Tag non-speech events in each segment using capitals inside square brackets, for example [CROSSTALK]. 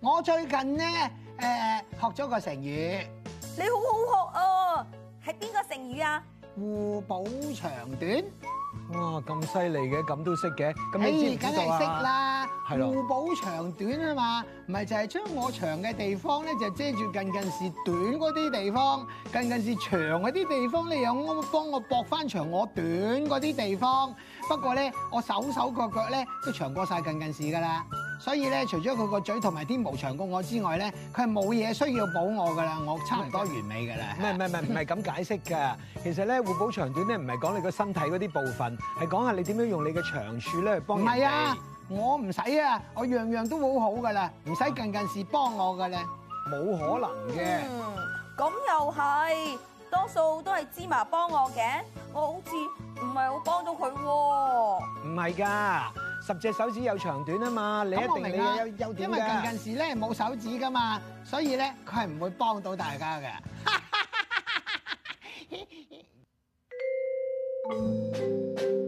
我最近咧，誒學咗個成語。你好好學啊！係邊個成語啊？互補長短。哇，咁犀利嘅，咁都識嘅。咁、嗯、你知唔知道啊？梗係識啦。係咯，互補的長短啊嘛，唔係就係將我長嘅地方咧，就遮住近近視短嗰啲地方，近近視長嗰啲地方，你又幫我搏翻長我短嗰啲地方。不過咧，我手手腳腳咧都長過晒近近視噶啦。所以咧，除咗佢個嘴同埋啲毛長過我之外咧，佢係冇嘢需要補我噶啦，我差唔多完美噶啦。唔係唔係唔係唔係咁解釋噶， [LAUGHS] 其實咧，互補長短咧唔係講你個身體嗰啲部分，係講下你點樣用你嘅長處咧去幫人哋。唔係啊，我唔使啊，我樣樣都好好噶啦，唔使近近時幫我噶咧，冇、啊、可能嘅。嗯，咁又係，多數都係芝麻幫我嘅，我好似唔係好幫到佢喎。唔係㗎。十隻手指有長短啊嘛，你一定要、啊、有，有點。因為近近時咧冇手指噶嘛，所以咧佢係唔會幫到大家嘅。 [LAUGHS]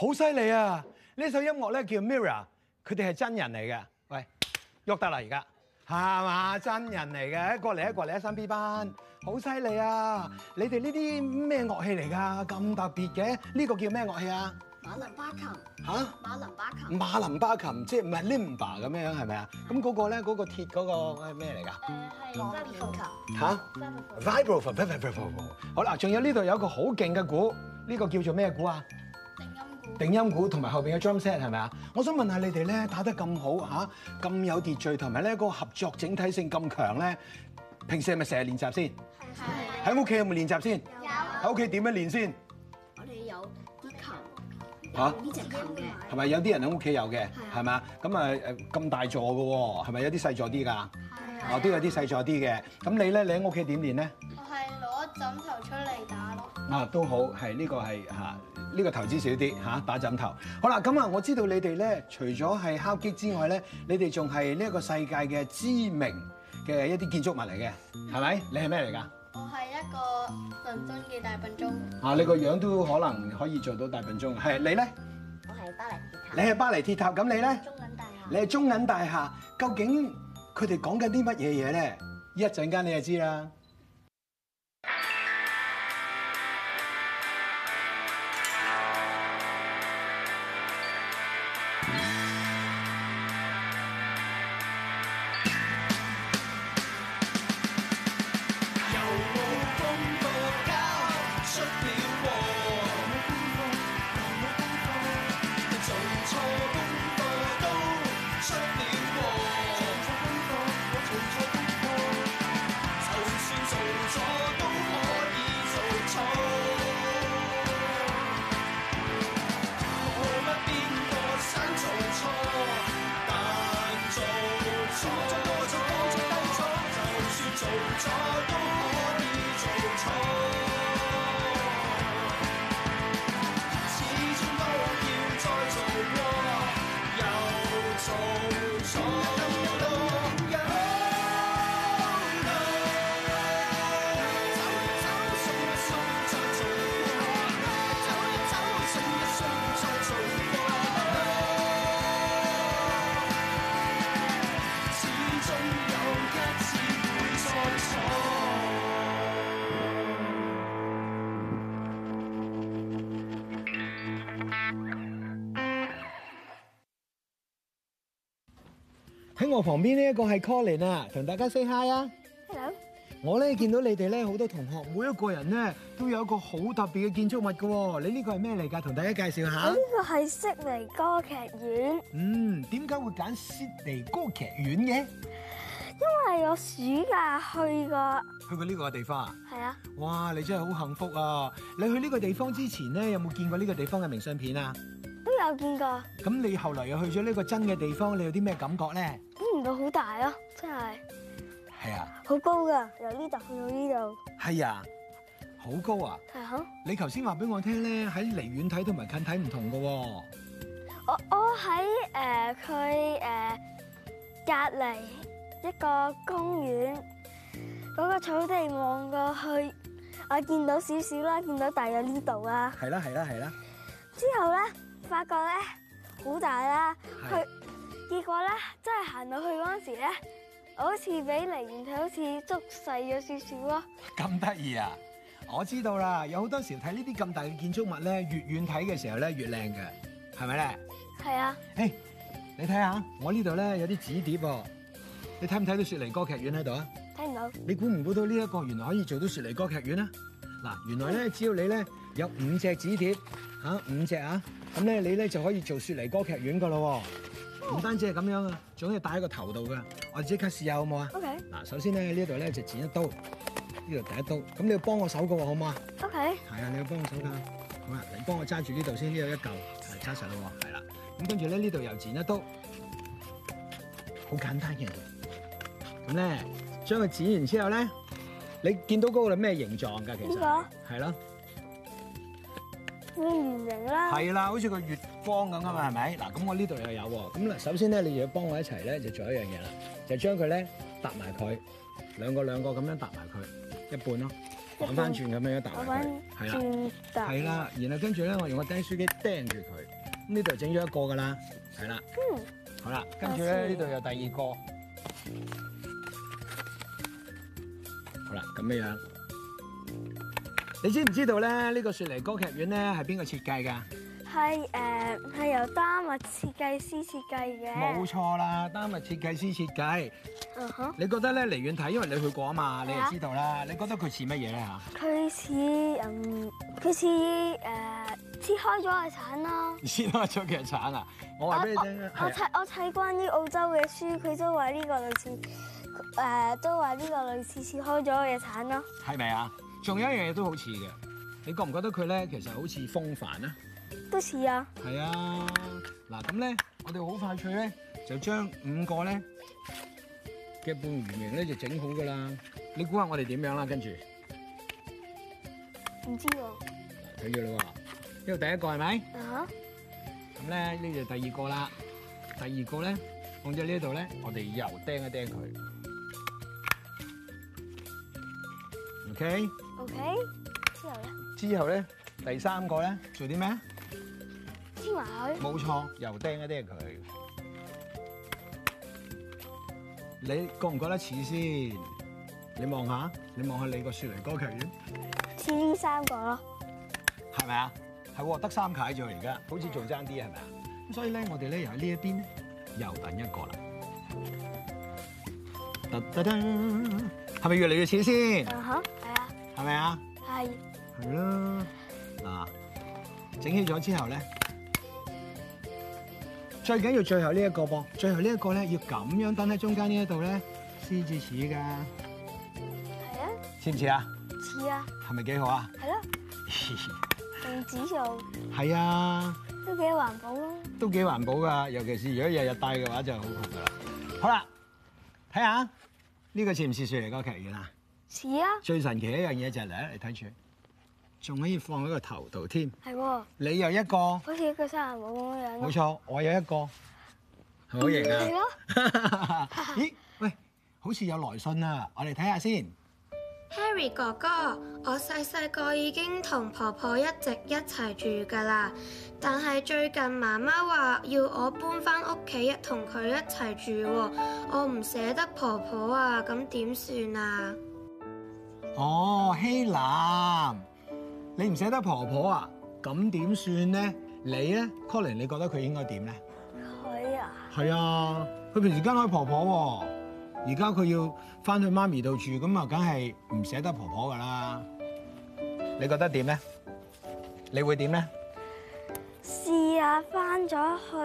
好犀利啊！呢首音樂咧叫 Mirror，佢哋係真人嚟嘅。喂，喐得喇而家係嘛？真人嚟嘅，一個嚟一個嚟，一三、啊、B 班，好犀利啊！你哋呢啲咩樂器嚟㗎？咁特別嘅，呢、呢個叫咩樂器啊？馬林巴琴嚇，馬林巴琴，蛤馬林巴琴，馬林巴琴即係唔係 limba 咁樣樣係咪啊？咁嗰個咧，嗰個鐵嗰個係咩嚟㗎？係鋼片琴嚇，vibraphone，vibraphone 好啦，仲有呢度有一個好勁嘅鼓，呢、呢個叫做咩鼓啊？定音鼓同埋後邊嘅 drum set 係咪啊？我想問下你哋咧打得咁好嚇，咁有秩序，同埋咧個合作整體性咁強咧，平時係咪成日練習先？係係係。喺屋企有冇練習先？有。喺屋企點樣練先？我哋有啲琴，嚇？呢隻琴嘅。係咪有啲人喺屋企有嘅？係啊。係咪啊？咁啊誒咁大座嘅喎，係咪有啲細座啲㗎？係啊。都有啲細座啲嘅，咁你咧你喺屋企點練咧？枕頭出嚟打咯！啊，都好，係呢、這個係吓，呢、這個投資少啲吓，打枕頭。好啦，咁啊，我知道你哋咧，除咗係敲擊之外咧，你哋仲係呢一個世界嘅知名嘅一啲建築物嚟嘅，係咪？你係咩嚟噶？我係一個純真嘅大笨鐘。啊，你個樣，都可能可以做到大笨鐘，係你咧？我係巴黎鐵塔。你係巴黎鐵塔，咁你咧？中銀大廈。你係中銀大廈，究竟佢哋講緊啲乜嘢嘢咧？嗯、一陣間你就知啦。喺我旁邊呢一個係 Colin 啊，同大家 say hi 啊。Hello 我。我咧見到你哋咧好多同學，每一個人咧都有一個好特別嘅建築物噶。你呢個係咩嚟噶？同大家介紹下。呢個係悉尼歌劇院。嗯，點解會揀悉尼歌劇院嘅？因為我暑假去過。去過呢個地方啊？係啊。哇，你真係好幸福啊！你去呢個地方之前咧，有冇見過呢個地方嘅明信片啊？都有見過。咁你後來又去咗呢個真嘅地方，你有啲咩感覺咧？好大咯，真係係啊，好高噶，由呢度去到呢度，係啊，好高啊，你頭先話俾我聽咧，喺離遠睇同埋近睇唔同噶。我我喺誒佢誒隔籬一個公園嗰個草地望過去，我見到少少啦，見到大約呢度啊，係啦係啦係啦，之後咧發覺咧好大啦，佢。結果咧，真係行到去嗰陣時咧，好似比離遠睇好似足細咗少少咯。咁得意啊！我知道啦，有好多時睇呢啲咁大嘅建築物咧，越遠睇嘅時候咧越靚嘅，係咪咧？係啊。誒，hey, 你睇下，我呢度咧有啲紙碟，你睇唔睇到雪梨歌劇院喺度啊？聽唔到。你估唔估到呢一個原來可以做到雪梨歌劇院啊？嗱，原來咧，只要你咧有五隻紙碟吓，五隻啊，咁咧你咧就可以做雪梨歌劇院噶啦。唔單止係咁樣啊，仲可以戴喺個頭度㗎。我即刻試下好唔好啊？嗱，Okay. 首先咧呢度咧就剪一刀，呢度第一刀。咁你要幫我手㗎喎，好唔好啊？OK。係啊，你要幫我手㗎。好啊，你幫我揸住呢度先，呢度一嚿揸實喎。係啦。咁跟住咧呢度又剪一刀，好簡單嘅。咁咧將佢剪完之後咧，你見到嗰個係咩形狀㗎？其實係咯。這個半圓形啦，係啦、嗯，好似個月光咁噶嘛，係咪？嗱、嗯，咁我呢度又有，咁嗱，首先咧，你要幫我一齊咧，就做一樣嘢啦，就將佢咧搭埋佢，兩個兩個咁樣搭埋佢，一半咯，講翻轉咁樣搭埋佢，係啦，係啦了，然後跟住咧，我用個釘書機釘住佢，咁呢度整咗一個噶啦，係啦，嗯、好啦，跟住咧呢度有第二個，嗯、好啦，咁樣樣。你知唔知道咧？呢、這個雪梨歌劇院咧係邊個設計噶？係誒，係、呃、由丹麥設計師設計嘅。冇錯啦，丹麥設計師設計。嗯哼、uh。Huh. 你覺得咧，離遠睇，因為你去過啊嘛，你就知道啦。啊、你覺得佢似乜嘢咧？吓？佢似嗯，佢似誒，切開咗嘅橙咯。切開咗嘅橙啊！我話俾你聽。我睇我睇關於澳洲嘅書，佢都話呢個類似誒、呃，都話呢個、呃、個類似切開咗嘅橙咯。係咪啊？仲有一樣嘢都好似嘅，你覺唔覺得佢咧其實好似風帆像啊？都似啊！係啊，嗱咁咧，我哋好快脆咧就將五個咧嘅半圓形咧就整好噶啦。你估下我哋點樣啦？跟住唔知喎，睇住啦喎，呢個第一個係咪？是不是啊！咁咧呢就第二個啦，第二個咧放咗呢度咧，我哋又釘一釘佢。OK，OK，之後咧？之後咧，第三個咧，做啲咩？天華佢。冇錯，又釘一啲係佢。你覺唔覺得似先？你望下，你望下你個雪梨歌劇院。似呢三個咯。係咪啊？係喎，得三塊咗而家，好似仲爭啲係咪啊？咁所以咧，我哋咧又喺呢一邊，又等一個啦。噔噔噔，係咪越嚟越似先？Huh. 係咪啊？係。係咯是。嗱，整起咗之後咧，最緊要最後呢一個噃。最後呢一個咧要咁樣蹲喺中間呢一度咧，先至似噶。係的啊。似唔似啊？似啊的。係咪幾好啊？係咯的。用紙做。係啊。都幾環保啊！都幾環保噶，尤其是如果日日戴嘅話就好啦。好啦，睇下呢個似唔似雪梨歌劇院啊？啊，最神奇的一樣嘢就嚟啦！你睇住，仲可以放喺個頭度添。係、啊、你有一個，好似一個山姆咁樣、啊。冇錯，我有一個，好型啊？啊 [LAUGHS] 咦？喂，好似有來信啊！我嚟睇下先。Harry 哥哥，我細細個已經同婆婆一直一齊住㗎啦，但係最近媽媽話要我搬返屋企一同佢一齊住，我唔捨得婆婆啊，咁點算啊？哦，希林，你唔捨得婆婆啊？咁點算咧？你咧，Colin，你覺得佢應該點咧？佢啊？係啊，佢平時跟開婆婆喎、啊，而家佢要翻去媽咪度住，咁啊，梗係唔捨得婆婆噶啦。你覺得點咧？你會點咧？試下翻咗去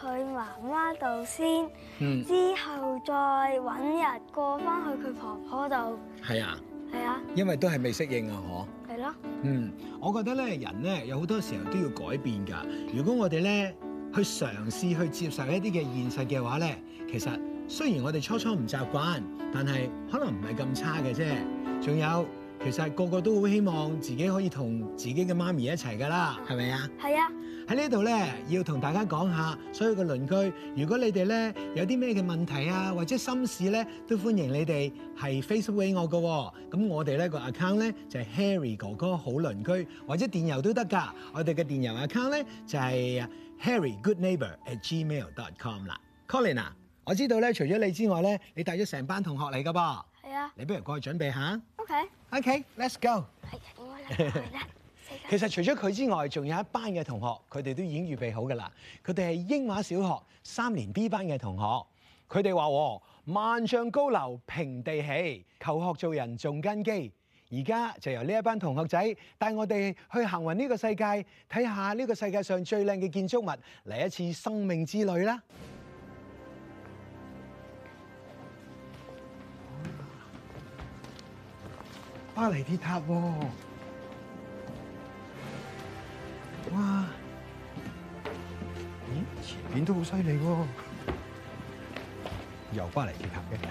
佢媽媽度先，嗯、之後再揾日過翻去佢婆婆度。係啊。係啊。因為都係未適應啊，嗬了，係咯，嗯，我覺得咧，人咧有好多時候都要改變㗎。如果我哋咧去嘗試去接受一啲嘅現實嘅話咧，其實雖然我哋初初唔習慣，但係可能唔係咁差嘅啫。仲有。其實個個都好希望自己可以同自己嘅媽咪一齊㗎啦，係咪啊？係啊！喺呢度咧，要同大家講下，所有嘅鄰居，如果你哋咧有啲咩嘅問題啊，或者心事咧，都歡迎你哋係 Facebook 畀我㗎、哦。咁我哋咧個 account 咧就係、是、Harry 哥哥好鄰居，或者電郵都得㗎。我哋嘅電郵 account 咧就係、是、Harry Good Neighbor at Gmail dot com 啦。Colina，我知道咧，除咗你之外咧，你帶咗成班同學嚟㗎噃。係啊，Yeah. 你不如過去準備下。O K，O K，Let's go。 [LAUGHS] 其實除咗佢之外，仲有一班嘅同學，佢哋都已經預備好噶啦。佢哋係英華小學三年 B 班嘅同學，佢哋話：喎，萬丈高樓平地起，求學做人重根基。而家就由呢一班同學仔帶我哋去行雲呢個世界，睇下呢個世界上最靚嘅建築物，嚟一次生命之旅啦。巴黎鐵塔喎、啊，哇！咦，前面都好犀利喎，又巴黎鐵塔嘅、啊。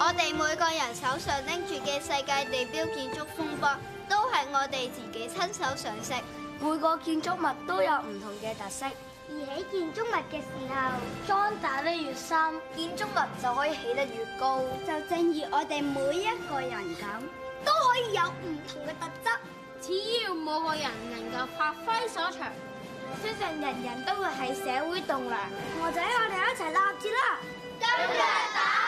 我哋每個人手上拎住嘅世界地標建築風波，都係我哋自己親手上色。每個建築物都有唔同嘅特色。而起建築物嘅時候，樁打得越深，建築物就可以起得越高。就正如我哋每一個人咁，都可以有唔同嘅特質。只要每個人能夠發揮所長，相信人人都會係社會棟樑。我仔，我哋一齊立志啦！今日打。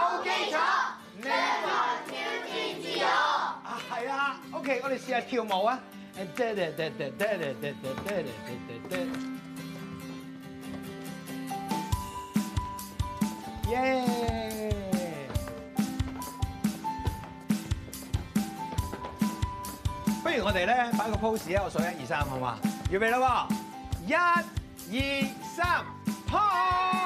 OK，我哋試下跳舞啊！哎，耶！不如我哋咧擺個 pose 啊！我數一二三，3，好嘛？預備啦！一、二、三，開！